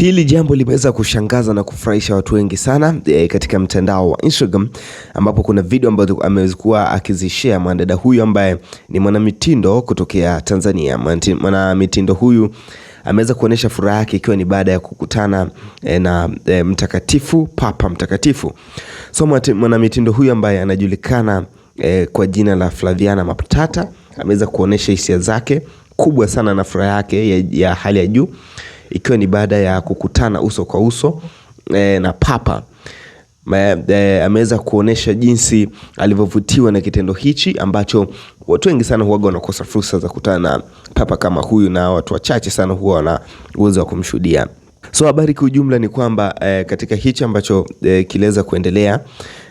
Hili jambo limeweza kushangaza na kufurahisha watu wengi sana e, katika mtandao wa Instagram ambapo kuna video ambazo amekuwa akizishare mwanadada huyu ambaye ni mwanamitindo kutokea Tanzania. Mwanamitindo huyu ameweza kuonyesha furaha yake ikiwa ni baada ya kukutana e, na e, mtakatifu Papa Mtakatifu. So mwanamitindo huyu ambaye anajulikana e, kwa jina la Flaviana Matata ameweza kuonyesha hisia zake kubwa sana na furaha yake ya, ya hali ya juu ikiwa ni baada ya kukutana uso kwa uso e, na Papa e, ameweza kuonesha jinsi alivyovutiwa na kitendo hichi ambacho watu wengi sana huaga wanakosa fursa za kukutana na Papa kama huyu, na watu wachache sana huwa wana uwezo wa kumshuhudia. So habari kwa ujumla ni kwamba eh, katika hichi ambacho eh, kiliweza kuendelea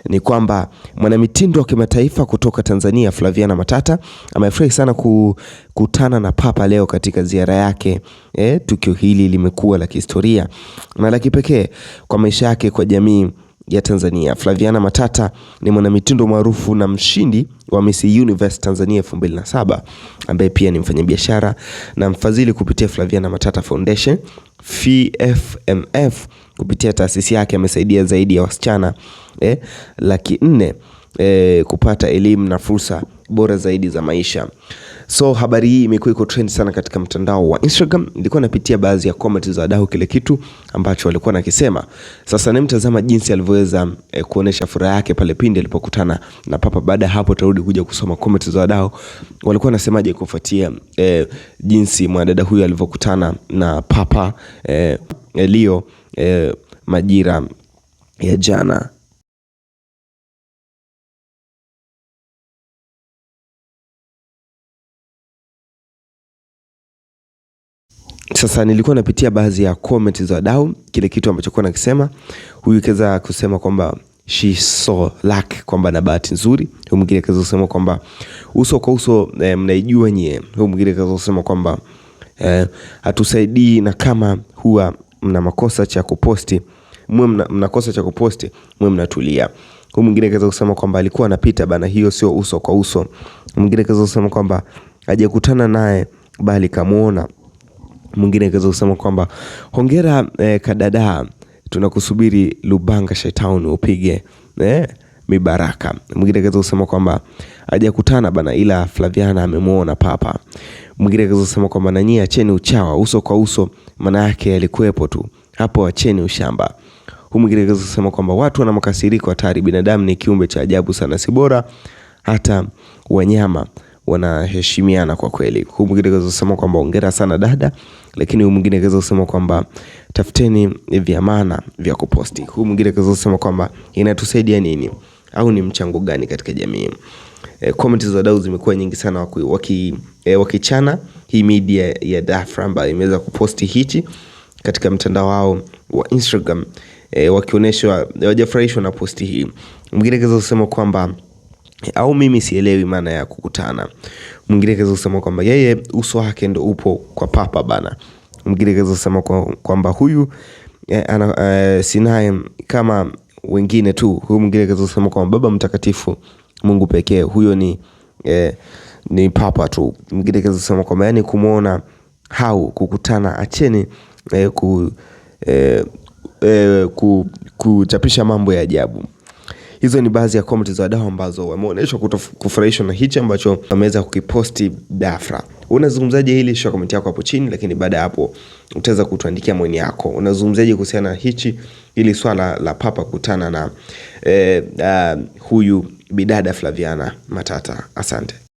ni kwamba mwanamitindo wa kimataifa kutoka Tanzania Flaviana Matata amefurahi sana kukutana na Papa leo katika ziara yake. Eh, tukio hili limekuwa la kihistoria na la kipekee kwa maisha yake kwa jamii ya Tanzania. Flaviana Matata ni mwanamitindo maarufu na mshindi wa Miss Universe Tanzania 2007 ambaye pia ni mfanyabiashara na mfadhili kupitia Flaviana Matata Foundation FFMF. Kupitia taasisi yake amesaidia zaidi ya wasichana eh, laki nne e, kupata elimu na fursa bora zaidi za maisha. So habari hii imekuwa iko trend sana katika mtandao wa Instagram. Nilikuwa napitia baadhi ya comment za wadau, kile kitu ambacho walikuwa nakisema. Sasa nimtazama jinsi alivyoweza e, kuonesha furaha yake pale pindi alipokutana na Papa. Baada ya hapo, tarudi kuja kusoma comment za wadau walikuwa nasemaje kufuatia e, jinsi mwanadada huyu alivyokutana na Papa e, Leo e, majira ya jana. Sasa nilikuwa napitia baadhi ya comment za wadau, kile kitu ambacho kwa nakisema huyu kaza kusema kwamba she so luck, kwamba na bahati nzuri. Huyu mwingine kaza kusema kwamba uso kwa uso eh, mnaijua nyie. Huyu mwingine kaza kusema kwamba eh, hatusaidii na kama huwa mna makosa cha kuposti mwe mna, mna kosa cha kuposti mwe mnatulia. Huyu mwingine kaza kusema kwamba alikuwa anapita bana, hiyo sio uso kwa uso. Mwingine kaza kusema kwamba hajakutana naye bali kamuona. Mwingine akaweza kusema kwamba hongera eh, kadada, tunakusubiri Lubanga Shetown upige eh, mibaraka. Mwingine akaweza kusema kwamba hajakutana bana, ila Flaviana amemwona papa. Mwingine akaweza kusema kwamba nanyi acheni uchawa uso kwa uso, maana yake alikuwepo tu hapo, acheni ushamba huu. Mwingine akaweza kusema kwamba watu wana makasiriko hatari, binadamu ni kiumbe cha ajabu sana, si bora hata wanyama wanaheshimiana kwa kweli. Huyu mwingine kaweza kusema kwamba hongera sana dada, lakini huyu mwingine kaweza kusema kwamba tafuteni vya maana vya kuposti. Huyu mwingine kaweza kusema kwamba inatusaidia nini au ni mchango gani katika jamii. E, comment za wadau zimekuwa nyingi sana waki, waki, eh, e, wakichana hii media ya Dafra ambayo imeweza kuposti hichi katika mtandao wao wa Instagram, e, wakionyeshwa wajafurahishwa na posti hii. Mwingine kaweza kusema kwamba au mimi sielewi maana ya kukutana. Mwingine kaweza kusema kwamba yeye uso wake ndo upo kwa papa bana. Mwingine kaweza kusema kwamba huyu eh, ana, eh, sinaye kama wengine tu. Huyu mwingine kaweza kusema kwamba Baba Mtakatifu, Mungu pekee, huyo ni eh, ni papa tu. Mwingine kaweza kusema kwamba yani kumwona hau kukutana, acheni eh, ku, eh, eh, ku, kuchapisha mambo ya ajabu. Hizo ni baadhi ya komenti za wadau ambazo wameonyeshwa kufurahishwa na hichi ambacho wameweza kukiposti Dafra. Unazungumzaje hili? Shusha komenti yako hapo chini, lakini baada ya hapo utaweza kutuandikia maoni yako. Unazungumzaje kuhusiana na hichi ili swala la papa kutana na eh, uh, huyu bidada Flaviana Matata? Asante.